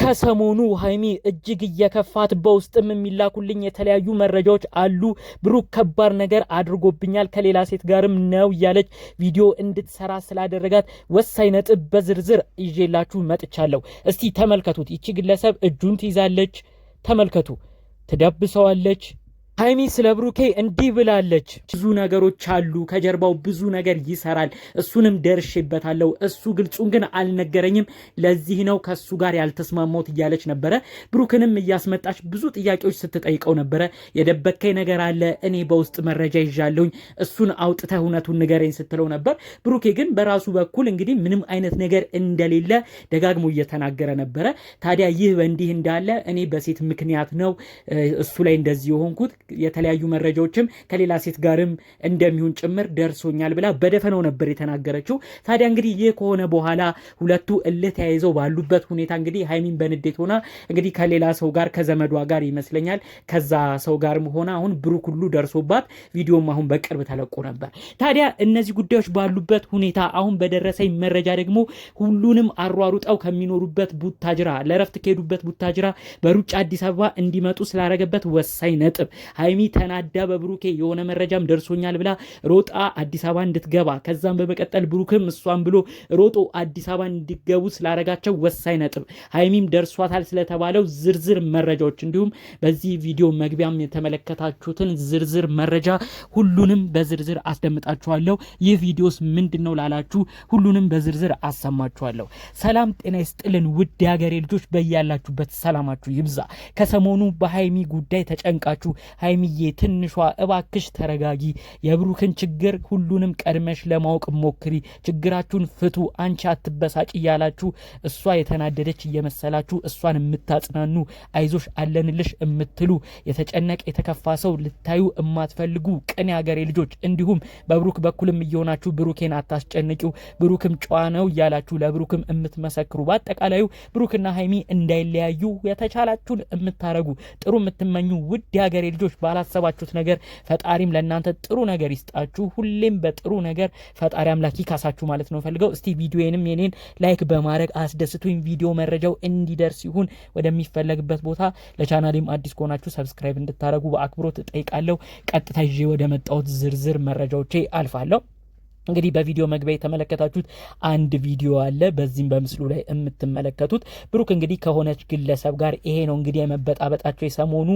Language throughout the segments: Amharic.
ከሰሞኑ ሀይሚ እጅግ እየከፋት በውስጥም የሚላኩልኝ የተለያዩ መረጃዎች አሉ። ብሩክ ከባድ ነገር አድርጎብኛል፣ ከሌላ ሴት ጋርም ነው እያለች ቪዲዮ እንድትሰራ ስላደረጋት ወሳኝ ነጥብ በዝርዝር ይዤላችሁ መጥቻለሁ። እስቲ ተመልከቱት። ይቺ ግለሰብ እጁን ትይዛለች። ተመልከቱ። ትዳብሰዋለች ሀይሚ ስለ ብሩኬ እንዲህ ብላለች። ብዙ ነገሮች አሉ፣ ከጀርባው ብዙ ነገር ይሰራል፣ እሱንም ደርሼበታለሁ። እሱ ግልጹን ግን አልነገረኝም። ለዚህ ነው ከሱ ጋር ያልተስማማሁት እያለች ነበረ። ብሩክንም እያስመጣች ብዙ ጥያቄዎች ስትጠይቀው ነበረ። የደበከኝ ነገር አለ፣ እኔ በውስጥ መረጃ ይዣለሁኝ፣ እሱን አውጥተህ እውነቱን ንገረኝ ስትለው ነበር። ብሩኬ ግን በራሱ በኩል እንግዲህ ምንም አይነት ነገር እንደሌለ ደጋግሞ እየተናገረ ነበረ። ታዲያ ይህ በእንዲህ እንዳለ እኔ በሴት ምክንያት ነው እሱ ላይ እንደዚህ የሆንኩት የተለያዩ መረጃዎችም ከሌላ ሴት ጋርም እንደሚሆን ጭምር ደርሶኛል ብላ በደፈነው ነበር የተናገረችው። ታዲያ እንግዲህ ይህ ከሆነ በኋላ ሁለቱ እልህ ተያይዘው ባሉበት ሁኔታ እንግዲህ ሀይሚን በንዴት ሆና እንግዲህ ከሌላ ሰው ጋር ከዘመዷ ጋር ይመስለኛል ከዛ ሰው ጋርም ሆና አሁን ብሩክ ሁሉ ደርሶባት ቪዲዮም አሁን በቅርብ ተለቆ ነበር። ታዲያ እነዚህ ጉዳዮች ባሉበት ሁኔታ አሁን በደረሰኝ መረጃ ደግሞ ሁሉንም አሯሩጠው ከሚኖሩበት ቡታጅራ ለረፍት ከሄዱበት ቡታጅራ በሩጫ አዲስ አበባ እንዲመጡ ስላረገበት ወሳኝ ነጥብ ሀይሚ ተናዳ በብሩኬ የሆነ መረጃም ደርሶኛል ብላ ሮጣ አዲስ አበባ እንድትገባ ከዛም በመቀጠል ብሩክም እሷን ብሎ ሮጦ አዲስ አበባ እንዲገቡ ስላረጋቸው ወሳኝ ነጥብ ሀይሚም ደርሷታል ስለተባለው ዝርዝር መረጃዎች እንዲሁም በዚህ ቪዲዮ መግቢያም የተመለከታችሁትን ዝርዝር መረጃ ሁሉንም በዝርዝር አስደምጣችኋለሁ። ይህ ቪዲዮስ ምንድን ነው ላላችሁ ሁሉንም በዝርዝር አሰማችኋለሁ። ሰላም ጤና ይስጥልን ውድ የሀገሬ ልጆች፣ በያላችሁበት ሰላማችሁ ይብዛ። ከሰሞኑ በሀይሚ ጉዳይ ተጨንቃችሁ ሀይሚዬ ትንሿ እባክሽ ተረጋጊ፣ የብሩክን ችግር ሁሉንም ቀድመሽ ለማወቅ ሞክሪ፣ ችግራችሁን ፍቱ፣ አንቺ አትበሳጭ እያላችሁ እሷ የተናደደች እየመሰላችሁ እሷን የምታጽናኑ አይዞሽ አለንልሽ የምትሉ የተጨነቀ የተከፋ ሰው ልታዩ የማትፈልጉ ቅን ሀገሬ ልጆች እንዲሁም በብሩክ በኩልም እየሆናችሁ ብሩኬን አታስጨንቂው፣ ብሩክም ጨዋ ነው እያላችሁ ለብሩክም የምትመሰክሩ በአጠቃላዩ ብሩክና ሀይሚ እንዳይለያዩ የተቻላችሁን የምታረጉ ጥሩ የምትመኙ ውድ የሀገሬ ልጆች ልጆች ባላሰባችሁት ነገር ፈጣሪም ለእናንተ ጥሩ ነገር ይስጣችሁ። ሁሌም በጥሩ ነገር ፈጣሪ አምላክ ይካሳችሁ ማለት ነው ፈልገው። እስቲ ቪዲዮንም የኔን ላይክ በማድረግ አስደስቱኝ። ቪዲዮ መረጃው እንዲደርስ ይሁን ወደሚፈለግበት ቦታ። ለቻናሌም አዲስ ከሆናችሁ ሰብስክራይብ እንድታደረጉ በአክብሮት እጠይቃለሁ። ቀጥታ ይዤ ወደ መጣሁት ዝርዝር መረጃዎቼ አልፋለሁ። እንግዲህ በቪዲዮ መግቢያ የተመለከታችሁት አንድ ቪዲዮ አለ። በዚህም በምስሉ ላይ የምትመለከቱት ብሩክ እንግዲህ ከሆነች ግለሰብ ጋር ይሄ ነው እንግዲህ የመበጣበጣቸው የሰሞኑ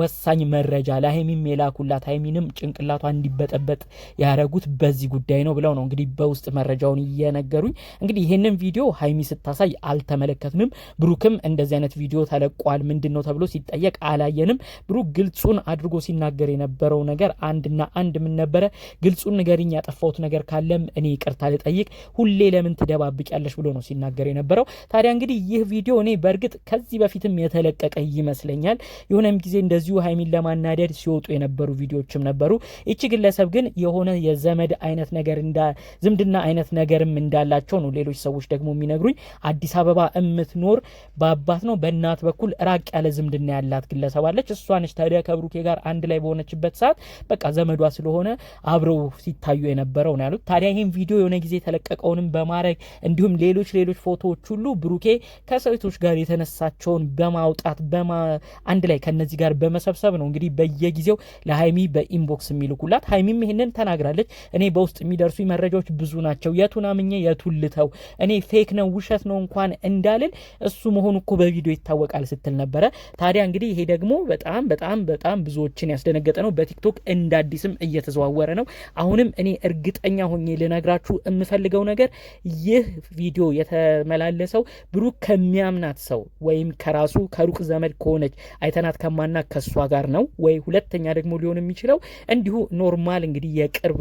ወሳኝ መረጃ ለሀይሚም የላኩላት ሀይሚንም ጭንቅላቷ እንዲበጠበጥ ያደረጉት በዚህ ጉዳይ ነው ብለው ነው እንግዲህ በውስጥ መረጃውን እየነገሩኝ። እንግዲህ ይህንን ቪዲዮ ሀይሚ ስታሳይ አልተመለከትንም። ብሩክም እንደዚህ አይነት ቪዲዮ ተለቋል ምንድን ነው ተብሎ ሲጠየቅ አላየንም። ብሩክ ግልጹን አድርጎ ሲናገር የነበረው ነገር አንድና አንድ ምን ነበረ? ግልጹን ንገሪኝ ያጠፋሁት ነገር ካለም እኔ ይቅርታ ልጠይቅ፣ ሁሌ ለምን ትደባብቂያለሽ ብሎ ነው ሲናገር የነበረው። ታዲያ እንግዲህ ይህ ቪዲዮ እኔ በእርግጥ ከዚህ በፊትም የተለቀቀ ይመስለኛል። የሆነም ጊዜ እንደዚሁ ሀይሚን ለማናደድ ሲወጡ የነበሩ ቪዲዮዎችም ነበሩ። ይቺ ግለሰብ ግን የሆነ የዘመድ አይነት ነገር ዝምድና አይነት ነገርም እንዳላቸው ነው ሌሎች ሰዎች ደግሞ የሚነግሩኝ። አዲስ አበባ የምትኖር በአባት ነው በእናት በኩል ራቅ ያለ ዝምድና ያላት ግለሰብ አለች። እሷ ነች ታዲያ ከብሩኬ ጋር አንድ ላይ በሆነችበት ሰዓት በቃ ዘመዷ ስለሆነ አብረው ሲታዩ የነበረው ነው ያሉት። ያሉት። ታዲያ ይህም ቪዲዮ የሆነ ጊዜ የተለቀቀውንም በማድረግ እንዲሁም ሌሎች ሌሎች ፎቶዎች ሁሉ ብሩኬ ከሴቶች ጋር የተነሳቸውን በማውጣት አንድ ላይ ከነዚህ ጋር በመሰብሰብ ነው እንግዲህ በየጊዜው ለሀይሚ በኢንቦክስ የሚልኩላት። ሀይሚም ይህንን ተናግራለች። እኔ በውስጥ የሚደርሱ መረጃዎች ብዙ ናቸው፣ የቱን አምኜ የቱን ልተው? እኔ ፌክ ነው ውሸት ነው እንኳን እንዳልል እሱ መሆኑ እኮ በቪዲዮ ይታወቃል ስትል ነበረ። ታዲያ እንግዲህ ይሄ ደግሞ በጣም በጣም በጣም ብዙዎችን ያስደነገጠ ነው። በቲክቶክ እንደ አዲስም እየተዘዋወረ ነው። አሁንም እኔ እርግጠኛ ሆኜ ልነግራችሁ የምፈልገው ነገር ይህ ቪዲዮ የተመላለሰው ብሩክ ከሚያምናት ሰው ወይም ከራሱ ከሩቅ ዘመድ ከሆነች አይተናት ከማና ከእሷ ጋር ነው ወይ ሁለተኛ ደግሞ ሊሆን የሚችለው እንዲሁ ኖርማል እንግዲህ የቅርብ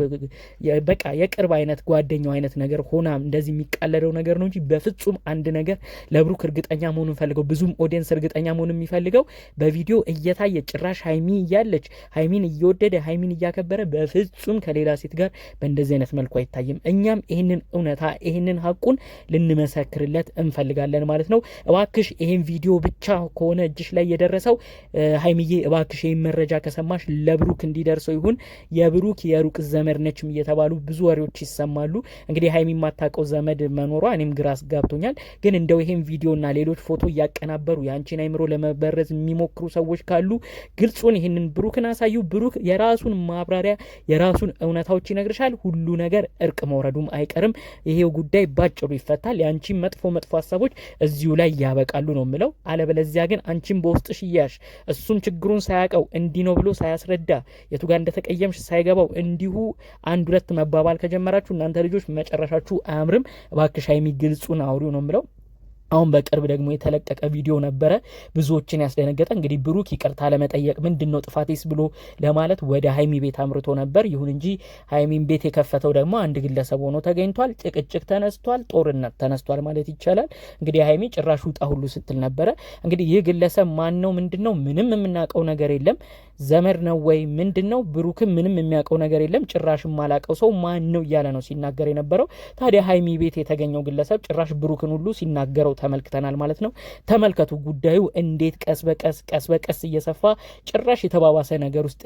በቃ የቅርብ አይነት ጓደኛው አይነት ነገር ሆና እንደዚህ የሚቃለደው ነገር ነው እንጂ በፍጹም አንድ ነገር ለብሩክ እርግጠኛ መሆኑ እንፈልገው ብዙም ኦዲየንስ እርግጠኛ መሆኑ የሚፈልገው በቪዲዮ እየታየ ጭራሽ ሀይሚ እያለች ሀይሚን እየወደደ ሀይሚን እያከበረ በፍጹም ከሌላ ሴት ጋር በእንደዚህ አይነት መልኩ አይታይም። እኛም ይህንን እውነታ ይህንን ሀቁን ልንመሰክርለት እንፈልጋለን ማለት ነው። እባክሽ ይህን ቪዲዮ ብቻ ከሆነ እጅሽ ላይ የደረሰው ሀይሚዬ፣ እባክሽ ይህን መረጃ ከሰማሽ ለብሩክ እንዲደርሰው ይሁን። የብሩክ የሩቅ ዘመድ ነችም እየተባሉ ብዙ ወሬዎች ይሰማሉ። እንግዲህ ሀይሚ የማታውቀው ዘመድ መኖሯ እኔም ግራ አጋብቶኛል። ግን እንደው ይህን ቪዲዮና ሌሎች ፎቶ እያቀናበሩ የአንቺን አይምሮ ለመበረዝ የሚሞክሩ ሰዎች ካሉ ግልጹን ይህንን ብሩክን አሳዩ። ብሩክ የራሱን ማብራሪያ የራሱን እውነታዎች ይነግርሻል ሁሉ ነ ነገር እርቅ መውረዱም አይቀርም። ይሄው ጉዳይ ባጭሩ ይፈታል። የአንቺን መጥፎ መጥፎ ሀሳቦች እዚሁ ላይ ያበቃሉ ነው የምለው። አለበለዚያ ግን አንቺን በውስጥ ሽያሽ እሱም ችግሩን ሳያውቀው እንዲህ ነው ብሎ ሳያስረዳ የቱ ጋር እንደተቀየምሽ ሳይገባው እንዲሁ አንድ ሁለት መባባል ከጀመራችሁ እናንተ ልጆች መጨረሻችሁ አያምርም። እባክሽ ሀይሚ ግልጹን አውሪው ነው የምለው። አሁን በቅርብ ደግሞ የተለቀቀ ቪዲዮ ነበረ ብዙዎችን ያስደነገጠ። እንግዲህ ብሩክ ይቅርታ ለመጠየቅ ምንድን ነው ጥፋቴስ ብሎ ለማለት ወደ ሀይሚ ቤት አምርቶ ነበር። ይሁን እንጂ ሀይሚን ቤት የከፈተው ደግሞ አንድ ግለሰብ ሆኖ ተገኝቷል። ጭቅጭቅ ተነስቷል፣ ጦርነት ተነስቷል ማለት ይቻላል። እንግዲህ ሀይሚ ጭራሽ ውጣ ሁሉ ስትል ነበረ። እንግዲህ ይህ ግለሰብ ማን ነው ምንድን ነው ምንም የምናውቀው ነገር የለም። ዘመድ ነው ወይ ምንድን ነው? ብሩክም ምንም የሚያውቀው ነገር የለም። ጭራሽ የማላውቀው ሰው ማን ነው እያለ ነው ሲናገር የነበረው። ታዲያ ሀይሚ ቤት የተገኘው ግለሰብ ጭራሽ ብሩክን ሁሉ ሲናገረው ተመልክተናል ማለት ነው። ተመልከቱ ጉዳዩ እንዴት ቀስ በቀስ ቀስ በቀስ እየሰፋ ጭራሽ የተባባሰ ነገር ውስጥ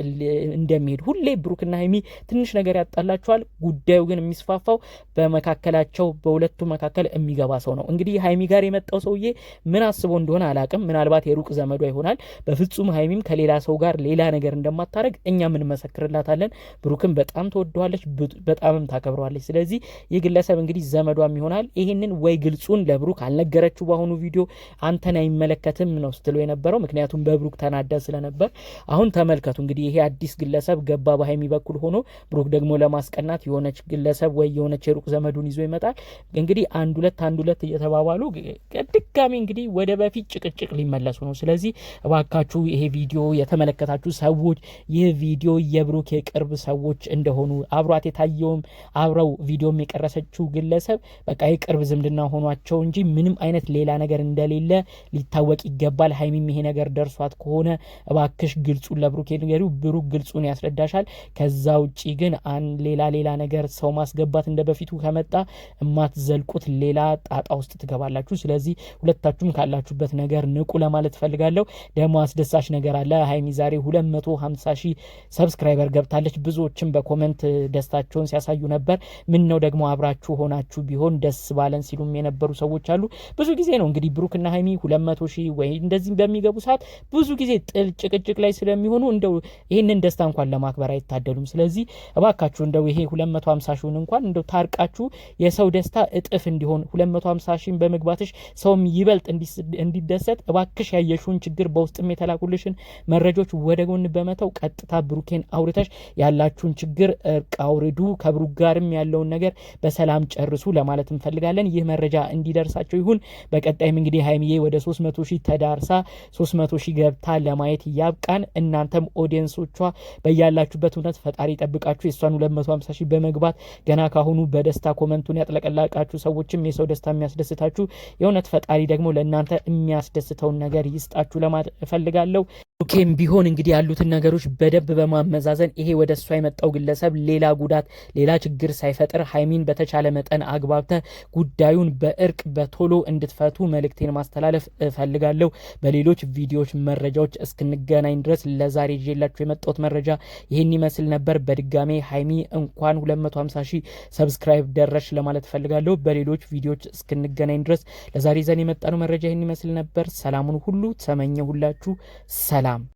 እንደሚሄድ ሁሌ ብሩክና ሀይሚ ትንሽ ነገር ያጣላቸዋል። ጉዳዩ ግን የሚስፋፋው በመካከላቸው በሁለቱ መካከል የሚገባ ሰው ነው። እንግዲህ ሀይሚ ጋር የመጣው ሰውዬ ምን አስቦ እንደሆነ አላቅም። ምናልባት የሩቅ ዘመዷ ይሆናል። በፍጹም ሀይሚም ከሌላ ሰው ጋር ሌላ ነገር እንደማታደረግ እኛ ምንመሰክርላታለን። ብሩክም በጣም ተወደዋለች በጣምም ታከብረዋለች። ስለዚህ ይህ ግለሰብ እንግዲህ ዘመዷም ይሆናል። ይህንን ወይ ግልጹን ለብሩክ አልነገ የተናገረችው በአሁኑ ቪዲዮ አንተን አይመለከትም ነው ስትለው የነበረው ምክንያቱም በብሩክ ተናዳ ስለነበር። አሁን ተመልከቱ እንግዲህ ይሄ አዲስ ግለሰብ ገባ በሀይሚ በኩል ሆኖ፣ ብሩክ ደግሞ ለማስቀናት የሆነች ግለሰብ ወይ የሆነች የሩቅ ዘመዱን ይዞ ይመጣል። እንግዲህ አንድ ሁለት አንድ ሁለት እየተባባሉ ድጋሚ እንግዲህ ወደ በፊት ጭቅጭቅ ሊመለሱ ነው። ስለዚህ እባካችሁ ይሄ ቪዲዮ የተመለከታችሁ ሰዎች ይህ ቪዲዮ የብሩክ የቅርብ ሰዎች እንደሆኑ አብሯት የታየውም አብረው ቪዲዮም የቀረሰችው ግለሰብ በቃ የቅርብ ዝምድና ሆኗቸው እንጂ ምንም አይነት ሌላ ነገር እንደሌለ ሊታወቅ ይገባል። ሀይሚም ይሄ ነገር ደርሷት ከሆነ እባክሽ ግልጹን ለብሩኬ ንገሪ፣ ብሩክ ግልጹን ያስረዳሻል። ከዛ ውጪ ግን ሌላ ሌላ ነገር ሰው ማስገባት እንደ በፊቱ ከመጣ እማትዘልቁት ሌላ ጣጣ ውስጥ ትገባላችሁ። ስለዚህ ሁለታችሁም ካላችሁበት ነገር ንቁ ለማለት ፈልጋለሁ። ደግሞ አስደሳች ነገር አለ። ሀይሚ ዛሬ 250 ሺህ ሰብስክራይበር ገብታለች። ብዙዎችም በኮመንት ደስታቸውን ሲያሳዩ ነበር። ምን ነው ደግሞ አብራችሁ ሆናችሁ ቢሆን ደስ ባለን ሲሉም የነበሩ ሰዎች አሉ። ብዙ ጊዜ ነው እንግዲህ ብሩክና ሀይሚ ሁለት መቶ ሺህ ወይ እንደዚህ በሚገቡ ሰዓት ብዙ ጊዜ ጥል ጭቅጭቅ ላይ ስለሚሆኑ እንደው ይህንን ደስታ እንኳን ለማክበር አይታደሉም። ስለዚህ እባካችሁ እንደው ይሄ ሁለት መቶ ሀምሳ ሺውን እንኳን እንደው ታርቃችሁ የሰው ደስታ እጥፍ እንዲሆን ሁለት መቶ ሀምሳ ሺህን በመግባትሽ ሰውም ይበልጥ እንዲደሰት እባክሽ ያየሽውን ችግር በውስጥም የተላኩልሽን መረጃዎች ወደ ጎን በመተው ቀጥታ ብሩኬን አውርተሽ ያላችሁን ችግር እርቅ አውርዱ፣ ከብሩክ ጋርም ያለውን ነገር በሰላም ጨርሱ ለማለት እንፈልጋለን። ይህ መረጃ እንዲደርሳቸው ይሁን። በቀጣይም እንግዲህ ሀይሚዬ ወደ 300 ሺህ ተዳርሳ 300 ሺህ ገብታ ለማየት ያብቃን። እናንተም ኦዲየንሶቿ በያላችሁበት እውነት ፈጣሪ ጠብቃችሁ የእሷን 250 ሺህ በመግባት ገና ካሁኑ በደስታ ኮመንቱን ያጥለቀላቃችሁ ሰዎችም የሰው ደስታ የሚያስደስታችሁ የእውነት ፈጣሪ ደግሞ ለእናንተ የሚያስደስተውን ነገር ይስጣችሁ ለማለት እፈልጋለሁ። ኬም ቢሆን እንግዲህ ያሉትን ነገሮች በደንብ በማመዛዘን ይሄ ወደ እሷ የመጣው ግለሰብ ሌላ ጉዳት ሌላ ችግር ሳይፈጥር ሀይሚን በተቻለ መጠን አግባብተ ጉዳዩን በእርቅ በቶሎ እንድትፈቱ መልእክቴን ማስተላለፍ እፈልጋለሁ። በሌሎች ቪዲዮዎች፣ መረጃዎች እስክንገናኝ ድረስ ለዛሬ ይዤላችሁ የመጣሁት መረጃ ይህን ይመስል ነበር። በድጋሜ ሀይሚ እንኳን 250 ሺህ ሰብስክራይብ ደረሽ ለማለት እፈልጋለሁ። በሌሎች ቪዲዮዎች እስክንገናኝ ድረስ ለዛሬ ዘን የመጣነው መረጃ ይህን ይመስል ነበር። ሰላሙን ሁሉ ተመኘሁላችሁ። ሰላም Islam